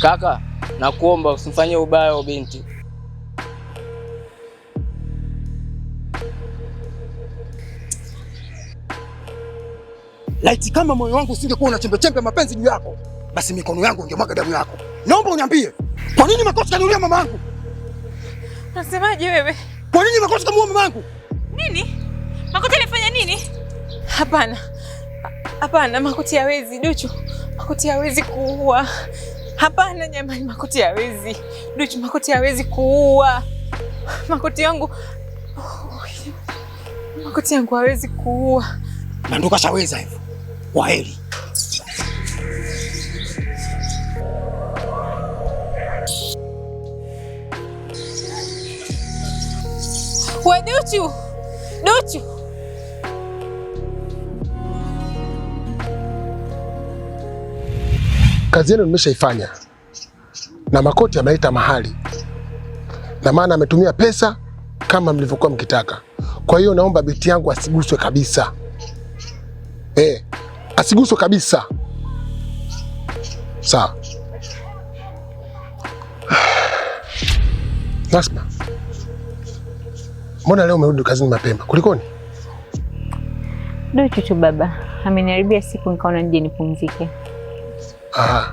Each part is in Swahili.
Kaka, nakuomba usimfanyie ubaya wa binti. Laiti kama moyo wangu usingekuwa una chembe chembe mapenzi juu yako, basi mikono yangu ingemwaga damu yako. Naomba uniambie, kwa nini makosa kaniulia mama yangu? Nasemaje wewe? Kwa nini makosa kamuua mama yangu? Nini? Makoti alifanya nini? Hapana. Hapana, Makoti hawezi, Duchu. Makoti hawezi kuua. Hapana jamani, Makoti hawezi Duchu, Makoti hawezi kuua Makoti yangu Makuti Makoti yangu hawezi kuua. Nandu kashaweza hivyo, waheri. Duchu, Duchu kazi yenu nimeshaifanya, na Makoti ameleta mahali na maana ametumia pesa kama mlivyokuwa mkitaka. Kwa hiyo naomba binti yangu asiguswe kabisa eh, asiguswe kabisa. Sawa Nasma, mbona leo umerudi kazini mapema? Kulikoni? Ndio tu baba, ameniharibia siku, nikaona nije nipumzike. Ah,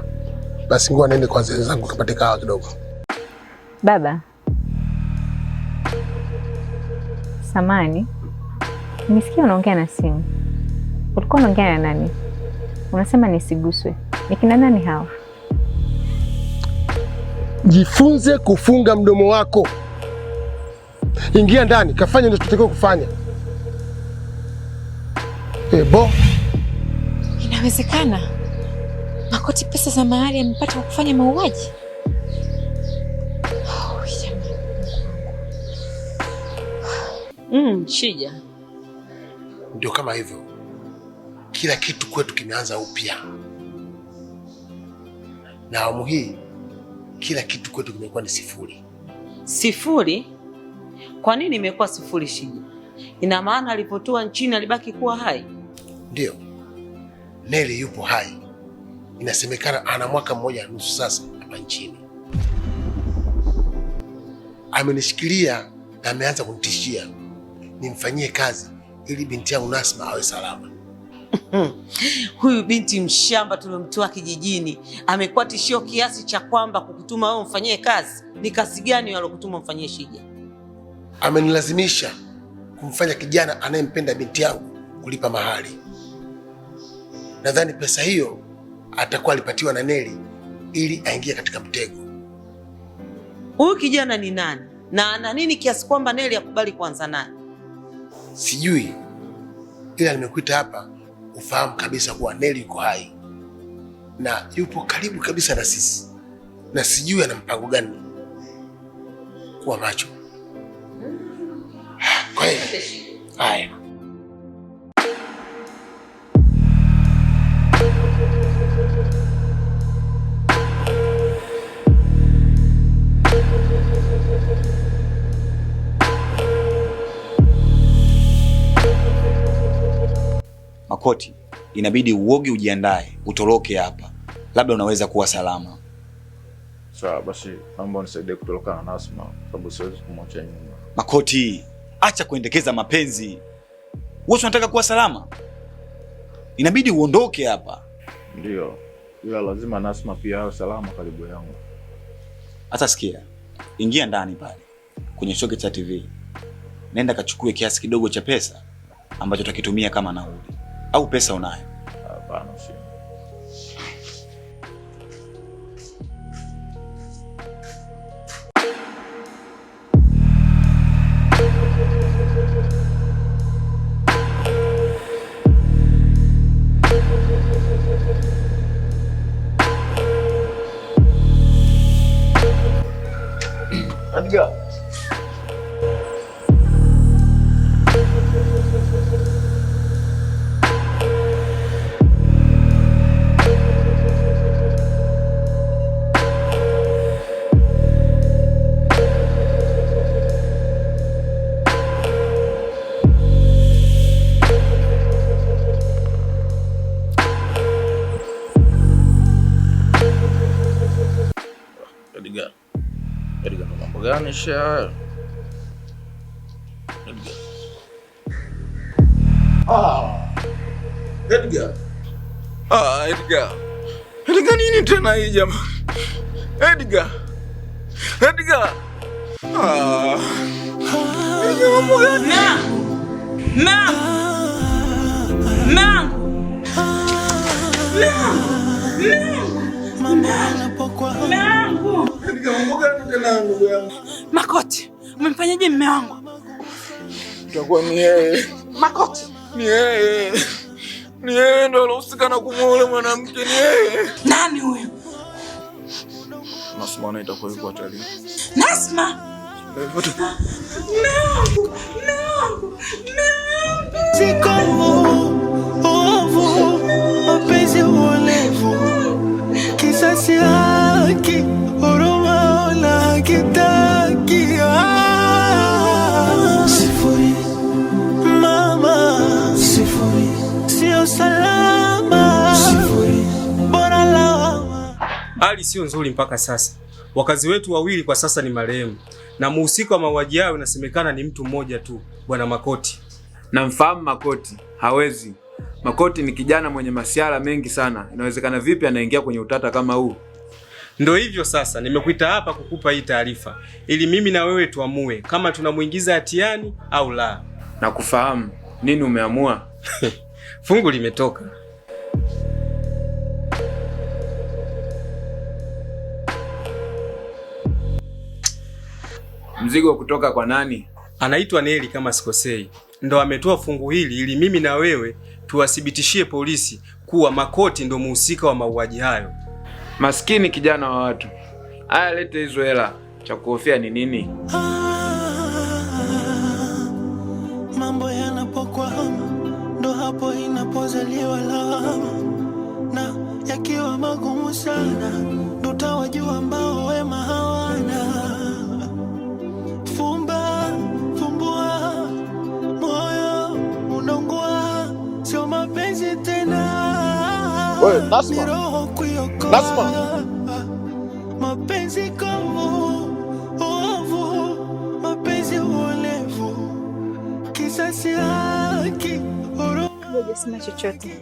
basi ngua nende kwa wazee zangu tupate kahawa kidogo. Baba samani, nisikia unaongea na simu. Ulikuwa unaongea na nani? Unasema nisiguswe, ni kina nani hawa? Jifunze kufunga mdomo wako. Ingia ndani, kafanya unachotakiwa kufanya. Ebo, eh, inawezekana Kakoti pesa za mahari amepata kufanya mauaji. Mm, Shija, ndio kama hivyo, kila kitu kwetu kimeanza upya na awamu hii, kila kitu kwetu kimekuwa ni sifuri. Sifuri? Kwa nini imekuwa sifuri, Shija? Ina maana alipotua nchini alibaki kuwa hai? Ndio, Neli yupo hai inasemekana ana mwaka mmoja na nusu sasa hapa nchini. Amenishikilia na ameanza kunitishia nimfanyie kazi ili binti yangu Nasma awe salama. Huyu binti mshamba tuliomtoa kijijini amekuwa tishio kiasi cha kwamba kukutuma wewe mfanyie kazi. Ni kazi gani alokutuma mfanyie Shija? Amenilazimisha kumfanya kijana anayempenda binti yangu kulipa mahari. Nadhani pesa hiyo atakuwa alipatiwa na Neli ili aingie katika mtego. Huyu kijana ni nani na ana nini kiasi kwamba Neli akubali kuanza naye? Sijui, ila nimekuita hapa ufahamu kabisa kuwa Neli yuko hai na yupo karibu kabisa na sisi, na sijui ana mpango gani. Kuwa macho. Kwa hiyo haya koti, inabidi uoge, ujiandae, utoroke hapa, labda unaweza kuwa salama. Sawa basi, naomba unisaidie kutoroka na Nasma sababu siwezi kumwacha nyuma. Makoti, acha kuendekeza mapenzi. Wewe unataka kuwa salama, inabidi uondoke hapa. Ndio, ila lazima Nasma pia awe salama karibu yangu. Hata sikia, ingia ndani pale kwenye shoke cha TV, nenda kachukue kiasi kidogo cha pesa ambacho utakitumia kama nauli. au pesa unayo? É? Hapana. Ah, Mambo gani sha? Ah, Edgar. Ah, Edgar. Edgar nini tena hii jamani? Edgar. Edgar. Ah. Mambo gani? Na. Na. Na. Na. Na. Na tena ndugu yangu. Makoti, umemfanyaje mume wangu? Itakuwa ni yeye. Makoti, ni yeye. Ni yeye ndo alohusika na kumuoa mwanamke, ni yeye. Nani huyo? Nasma na itakuwa yuko hatari. Nasma. Mume mume wangu, No. No. No. Hali sio nzuri mpaka sasa. Wakazi wetu wawili kwa sasa ni marehemu na muhusika wa mauaji yao inasemekana ni mtu mmoja tu, bwana Makoti. Namfahamu Makoti, hawezi. Makoti ni kijana mwenye masiara mengi sana. Inawezekana vipi anaingia kwenye utata kama huu? Ndo hivyo sasa, nimekuita hapa kukupa hii taarifa ili mimi na wewe tuamue kama tunamuingiza hatiani au la. Nakufahamu. Nini umeamua? Fungu limetoka. Mzigo kutoka kwa nani? Anaitwa Neli kama sikosei, ndo ametoa fungu hili ili mimi na wewe tuwathibitishie polisi kuwa Makoti ndo muhusika wa mauaji hayo. Maskini kijana wa watu. Aya, lete hizo hela, cha kuhofia ni nini? Ah, mambo yanapokwama ndo hapo inapozaliwa lawama, na yakiwa magumu sana ndo tawajua ambao wema Wewe mapenzi kavu, ovu, mapenzi uolevu, kisasi haki. Sina chochote,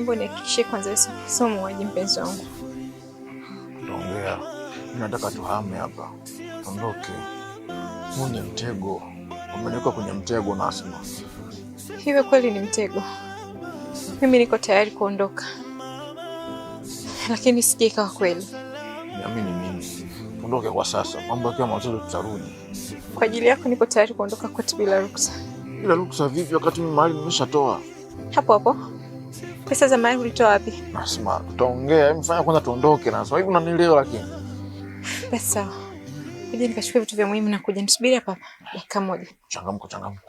mbona nihakikishie kwanza wewe sio mpenzi wangu. Ongea, nataka tuhame hapa, ondoke. Huu ni mtego, umeniweka kwenye mtego Nasma. Hiwe kweli ni mtego. Mimi niko tayari kuondoka, lakini sije ikawa kweli. Niamini mimi, ondoke kwa sasa, mambo yakiwa mazuri tutarudi. Kwa ajili yako niko tayari kuondoka kwetu bila ruksa. Bila ruksa vipi, wakati mimi mahali nimeshatoa hapo hapo? Pesa za mahali ulitoa wapi? Nasema tutaongea, mfanya kwanza tuondoke. Nasema hivi, unanielewa? Lakini pesa kuja nikachukua vitu vya muhimu na kuja nisubiri hapa dakika moja. Changamko, changamko.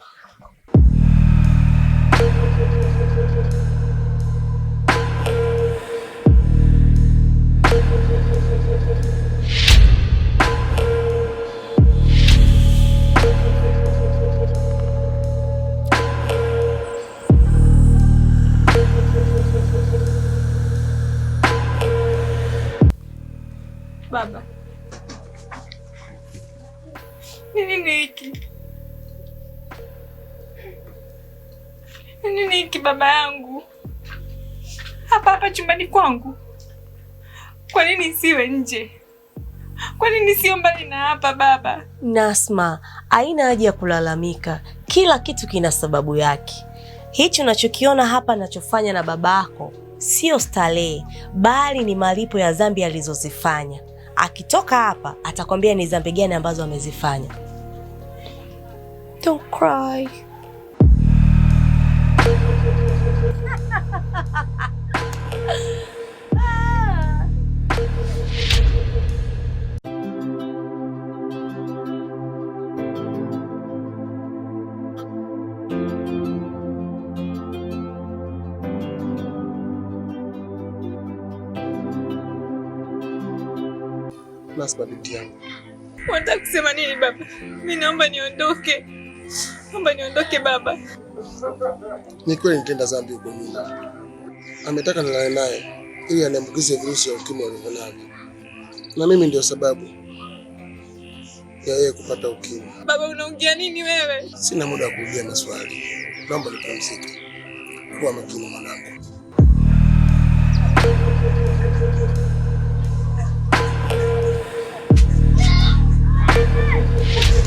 Baba, nini hiki? baba yangu? Hapa hapa chumbani kwangu. Kwa nini siwe nje? Kwa nini sio mbali na hapa baba? Nasma, haina haja ya kulalamika, kila kitu kina sababu yake. Hichi unachokiona hapa nachofanya na babako sio starehe, bali ni malipo ya dhambi alizozifanya. Akitoka hapa atakwambia ni dhambi gani ambazo amezifanya. Don't cry. Plus kwa binti yangu. Unataka kusema nini baba? Mimi naomba niondoke. Naomba niondoke baba. Ni kweli nitenda dhambi huko nyingi. Ametaka nilale naye ili aniambukize virusi ya ukimwi alivyonavyo, na mimi ndio sababu ya yeye kupata ukimwi. Baba, unaongea nini wewe? Sina muda wa kuuliza maswali, naomba nipumzike. Kuwa makini mwanangu.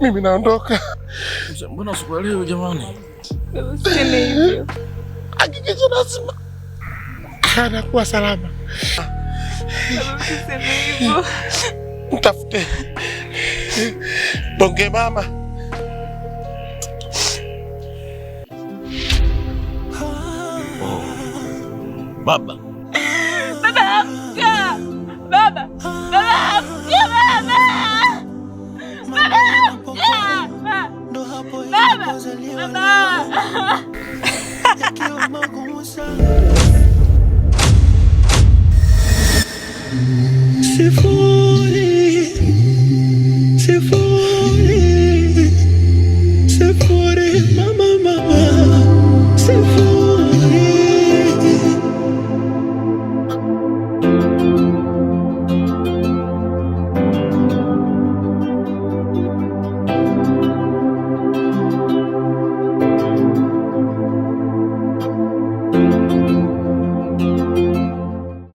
Mimi naondoka. Mbona sikuelewi jamani? Usiseme hivyo. Hakikisha lazima anakuwa salama. Mtafute bonge mama. Oh. Baba. Baba. Baba. Sifuri